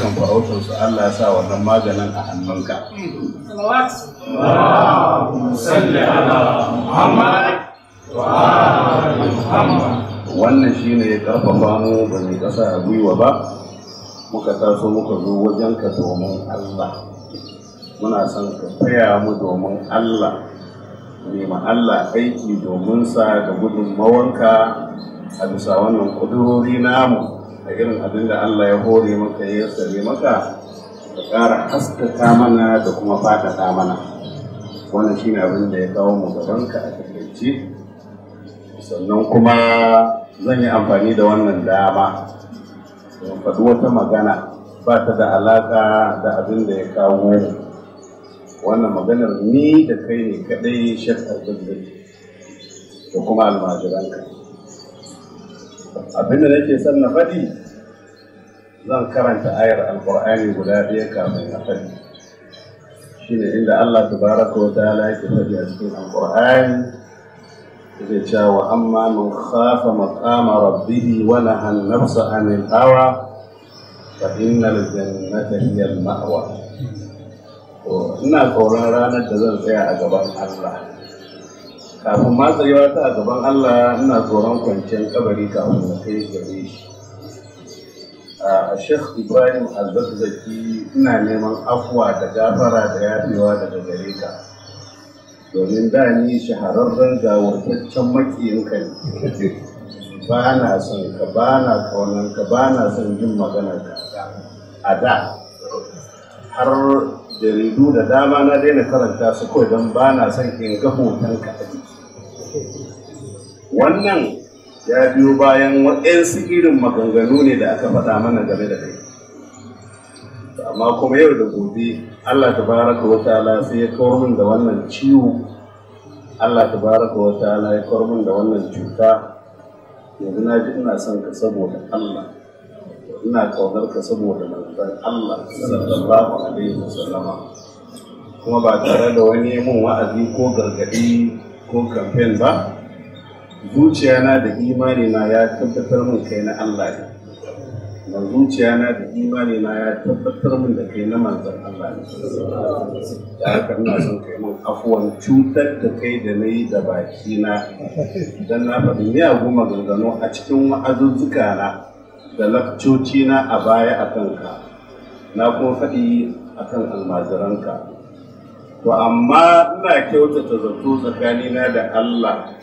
ayyukan su Allah ya sa wannan maganin a hannunka. Wannan shi ne ya karfafa mu ba mai ƙasa a gwiwa ba, muka taso muka zo wajenka domin Allah. Muna son ka taya mu domin Allah, nema Allah aiki domin sa da gudunmawanka a bisa wannan kudurori namu. da irin abin da Allah ya hore maka ya sare maka ka ƙara haskaka mana da kuma faɗaɗa mana wannan shi ne abin da ya kawo mu ka a takaice sannan kuma zan yi amfani da wannan dama don faɗi wata magana ba ta da alaƙa da abin da ya kawo mu wannan maganar ni da kai ne kaɗai shakar da kuma almajiranka abinda nake son na faɗi zan karanta ayar alkur'ani guda ɗaya kafin na faɗi shine inda Allah tabaraka wa ta'ala yake faɗi a cikin alkur'ani yake cewa amma man khafa maqama rabbih wa nahana nafsa 'anil hawa fa innal jannata hiya al-ma'wa ina tsoron ranar da zan tsaya a gaban Allah kafin matsayewa ta a gaban Allah ina tsoron kwanciyar kabari kafin na kai gare shi a shek Ibrahim al ina neman afuwa da gafara da yafewa daga gare ka domin da ni shahararren gawartaccen makiyinka ne ba na son ka ba na kaunan ba na son jin magana ka a da har jaridu da dama na daina karanta su kawai don ba na son in ga hoton ka wannan ya biyo bayan waɗansu irin maganganu ne da aka faɗa mana game da kai amma kuma yau da gobe Allah ta baraka wa ta'ala sai ya kawar min da wannan ciwo Allah ta baraka wa ta'ala ya kawar min da wannan cuta yanzu na ji ina son ka saboda Allah ina kaunar ka saboda manzon Allah sallallahu alaihi wasallama kuma ba tare da wani mun wa'azi ko gargadi ko kamfen ba zuciyana da imani na ya tabbatar mun kai na Allah ne na zuciyana da imani na ya tabbatar min da kai na manzon Allah ne da haka ina son kai min afuwan cutar da kai da na yi da baki na dan na faɗi miyagun maganganu a cikin wa'azuzzuka na da lakcocina na a baya a kanka na kuma faɗi a kan almajiranka to amma ina kyautata zato tsakanina da Allah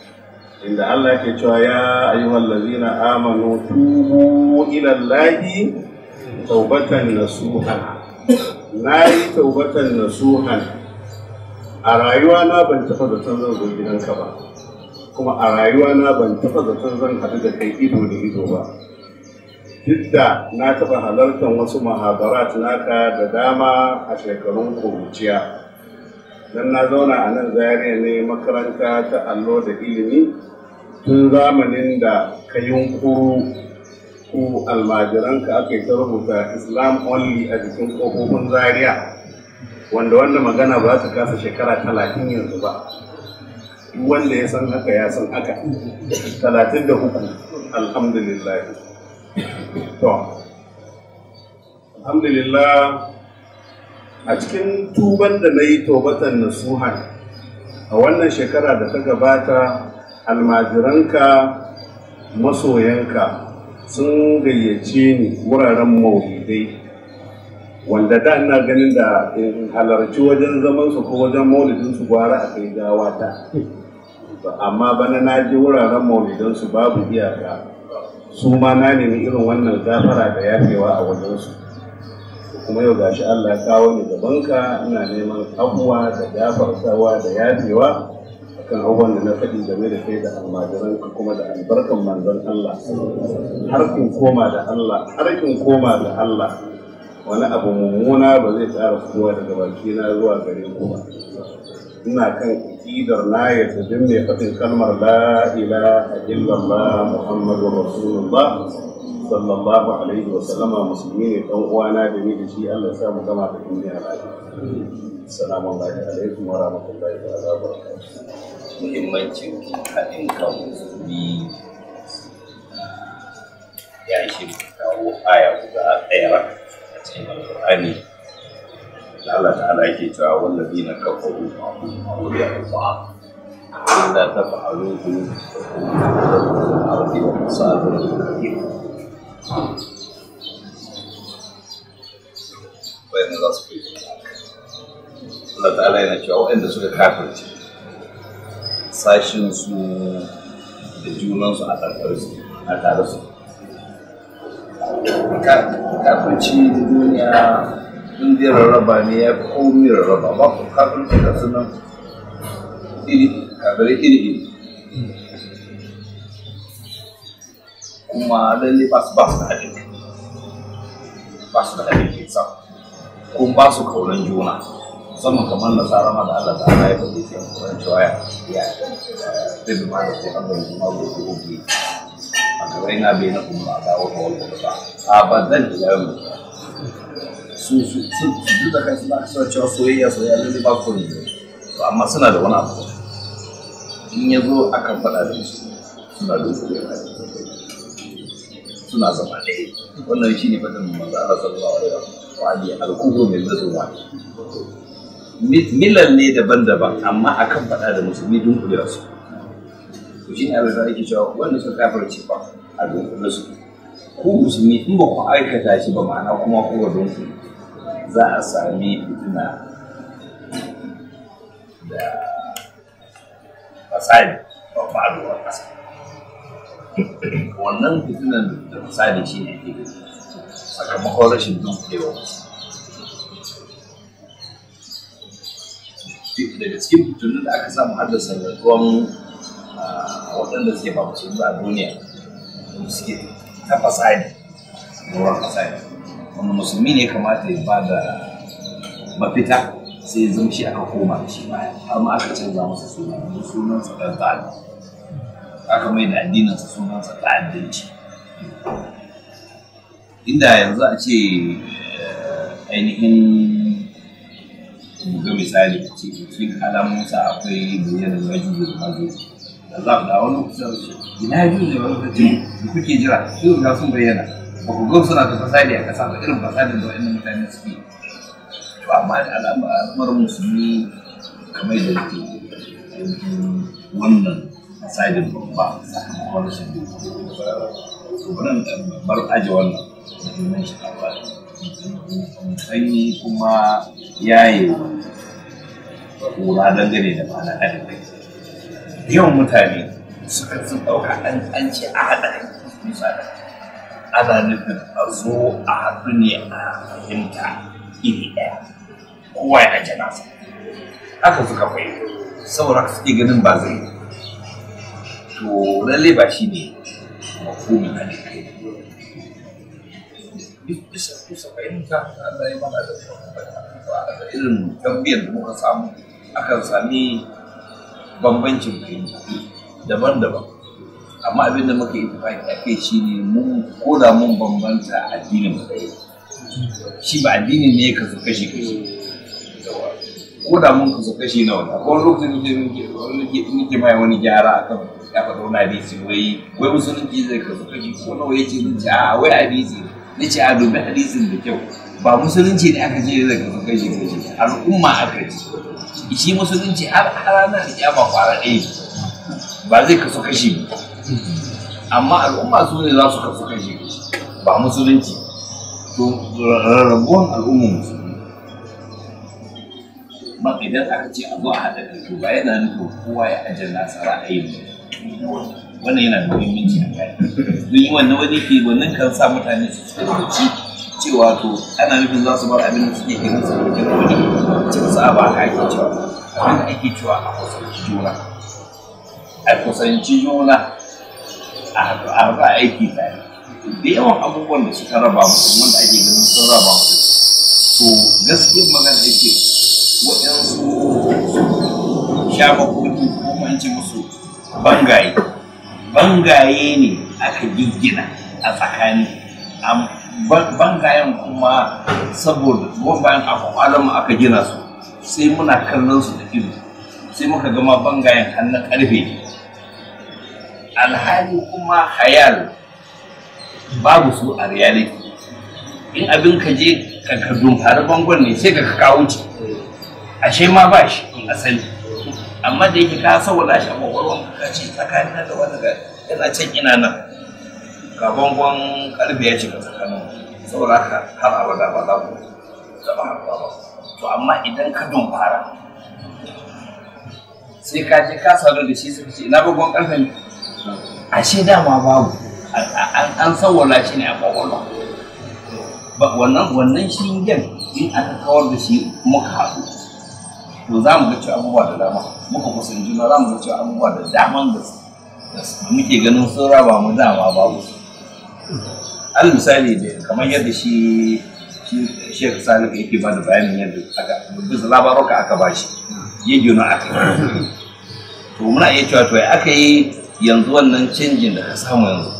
inda Allah ke cewa ya ayyuhal ladzina amanu tubu ila Allahi taubatan nasuhan na yi taubatan nasuhan a rayuwa na ban taɓa da zan zo gidanka ba kuma a rayuwa na ban taɓa da canzan haɗu da kai ido da ido ba duk da na taɓa halartar wasu mahabarat naka da dama a shekarun kuruciya don na zauna a nan zariya ne makaranta ta allo da ilimi tun zamanin da ka yunkuru ku almajiranka aka yi ta rubuta islam only a jikin ƙofofin zariya wanda wanda magana ba su kasa shekara talatin yanzu ba wanda ya san haka ya san haka talatin da uku alhamdulillah to alhamdulillah a cikin tuban da na yi tobatan nasuhan a wannan shekara da ta gabata almajiranka masoyanka sun gayyace ni wuraren maulidai wanda da ina ganin da in halarci wajen zamansu ko wajen su gwara a kai gawa ta amma bana na ji wuraren maulidansu babu iyaka su ma na nemi irin wannan gafara da yafewa a wajensu kuma yau gashi Allah ya kawo ni gabanka ina neman abuwa da gafartawa da yafewa kan abubuwan da na faɗi game da kai da almajiran ka kuma da albarkan manzon Allah harkin koma da Allah har koma da Allah wani abu mummuna ba zai tsara kowa daga bakina zuwa gare ku ba ina kan aƙidar na yadda duk mai faɗin kalmar la ilaha illallah muhammadu rasulullah sallallahu alaihi ne dan uwana da ni da shi Allah ya sa mu gama da duniya lafiya musulmi ah, ya a cikin alƙur'ani da Allah ta'ala yake cewa wallabi na kafaru wuri a ba inda ta fa'alu ku da arzi wa musalin kafiru bayan za su fi Allah ta'ala yana cewa waɗanda suka kafirce sashin su da junansu a tsakar su a tare su kafirci duniya in zai rarraba ne ya fi komi rarraba ba ku kafin su da sunan iri kafirai iri iri kuma lalle ba su ba su da haɗin ba su da haɗin ke sa kun ba su kaunan juna musamman kamar nasara ma da Allah ta ala ya faɗi ke kuran cewa ya ya zai bi ma da ko an bai ma ko ko bi a kawai na bai na kuma a dawo da wani kusa a ba zan ila yau su su su da kansu ba ka cewa soyayya soyayya lalle ba ko ne to amma suna da wani abu in ya zo akan faɗa da su suna da suna zama ɗaya wannan shi ne fatan manzo Allah sallallahu alaihi wa alihi al-kubru min zatu wa milan ne daban-daban amma akan faɗa da musulmi dunkulewa su to shi ne abin da ake cewa wanda suka kafarci ba a da su ku musulmi in ba ku aikata shi ba ma'ana kuma ku ga dunkule za a sami fitina da fasadi a faruwar ƙasa wannan fitinan da fasadi shi ne ke sakamakon rashin dunkulewa daga cikin fitinin da aka samu haddasa rarrabuwan waɗanda suke ba musulmi a duniya suke ta fasadi ruwan fasadi wani musulmi ne kamata ya bada mafita sai ya zama shi aka koma da shi baya har ma aka canza masa suna sunan sunansa ɗan ta'adda aka mai da sunan sunansa ta'addanci inda yanzu a ce eh, ainihin buga misali a ce cikin alamunsa akwai bayyana rajin da mazo da za a da wani kusa ina yi da wani kuke jira sai ga sun bayyana gugum suna da fasadi a kasa ba irin fasadin da wa'annan mutane suke to amma da al'amar musulmi kamar da ke wannan fasadin babba sakamakon rashin to bari bar aje wannan domin shi sanyi kuma yaye kura dangane da ma'ana haɗin kai yawan mutane suka sun ɗauka an ce a haɗa kai musa da ana nufin a zo a haɗu ne a fahimta iri ɗaya kowa ya ajiye nasa haka suka fahimta saboda suke ganin ba zai to lalle ba shi ne mafumi na dake bisa bisa fahimta Allah ya mana da da irin tambayar da muka samu akan sami bambancin fahimta daban-daban amma abin da muka yi tafaki a kai shi ne mun ko da mun bambanta addinin mu ɗaya shi ba addinin ne ka zuka shi kashi ko da mun ka zuka shi na wani akwai lokacin da muke mai wani gyara a kan ya faɗa wani hadisi wai wai musulunci zai ka zuka kashi ko nawa ya ce zai ce a wai hadisi na ce a domin hadisin da kyau ba musulunci ne aka ce zai ka zo shi kashi al'umma aka ce shi musulunci har ranar da ya fara ɗaya ba zai kaso kashi ba amma al'umma su ne za su kasu shi ba musulunci to rarrabuwan al'umma musulmi ba idan aka ce a zo a haɗa kai to ba yana nufin kowa ya nasara a yi wannan yana da muhimmanci a kai don yi wannan wani ke wannan kan sa mutane su tsoraci cewa to ana nufin za su bar abin da suke ganin su da da wani cin sa ba a ake cewa abin da ake cewa a kusanci juna a kusanci juna a haɗu a haɗu aiki tare da yawan abubuwan da suka raba mutum wanda ake ganin sun raba mutum to gaskiyar magana yake waɗansu shamakoki ko manci musu bangaye bangaye ne aka giggina a tsakani bangayen kuma saboda tuwon bayan akwakwalan aka gina su sai muna kallon su da ido sai muka gama bangayen hannun karfe alhali kuma hayal babu su a reality in abin ka je ka ka fara bangon ne sai ka ka kawo ci ashe ma ba shi asali amma da yake ka saboda shi a kwakwalwan ka ce tsakanin da wani ga yana can ina nan ga bangon karfe ya ce ka tsakanin saboda haka har abada ba za ku zama haɗuwa ba to amma idan ka fara, sai ka je ka sadu da shi suka ce ina bangon karfe ne ashe dama babu an san shi ne a kwakwalwa wannan wannan shingen in aka kawar da shi muka haɗu to za mu ga cewa abubuwa da dama muka kusan juna za mu ga cewa abubuwa da daman da muke ganin sun raba mu dama babu al misali da kamar yadda shi Sheikh Salih yake ba da bayanin yadda aka bisa labaruka aka ba shi yin juna aka to muna iya cewa to aka yi yanzu wannan canjin da ka samu yanzu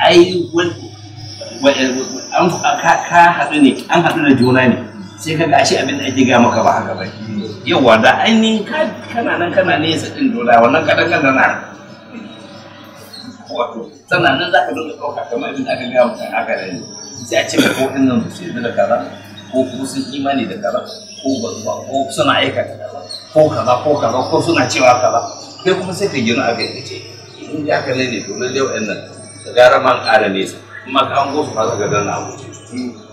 ai ka haɗu ne an haɗu da juna ne sai ga shi abin da ake gaya maka ba haka ba yawa da ainihin kana nan kana ne yasa ɗin juna wannan kaɗan kana na wato sannan nan za ka dinga ɗauka kamar abin da aka gaya maka haka ne sai a ce ma ko ɗin nan su da kaza ko kuma sun imani da kaza ko ba ko suna aikata ko oh, kaza ko oh, kaza ko suna cewa kaza kai kuma sai ka gina abin da ke in ya kalle ne to lalle wa'annan da gara man ƙara nesa kuma ka an gosu ba ka ga gana a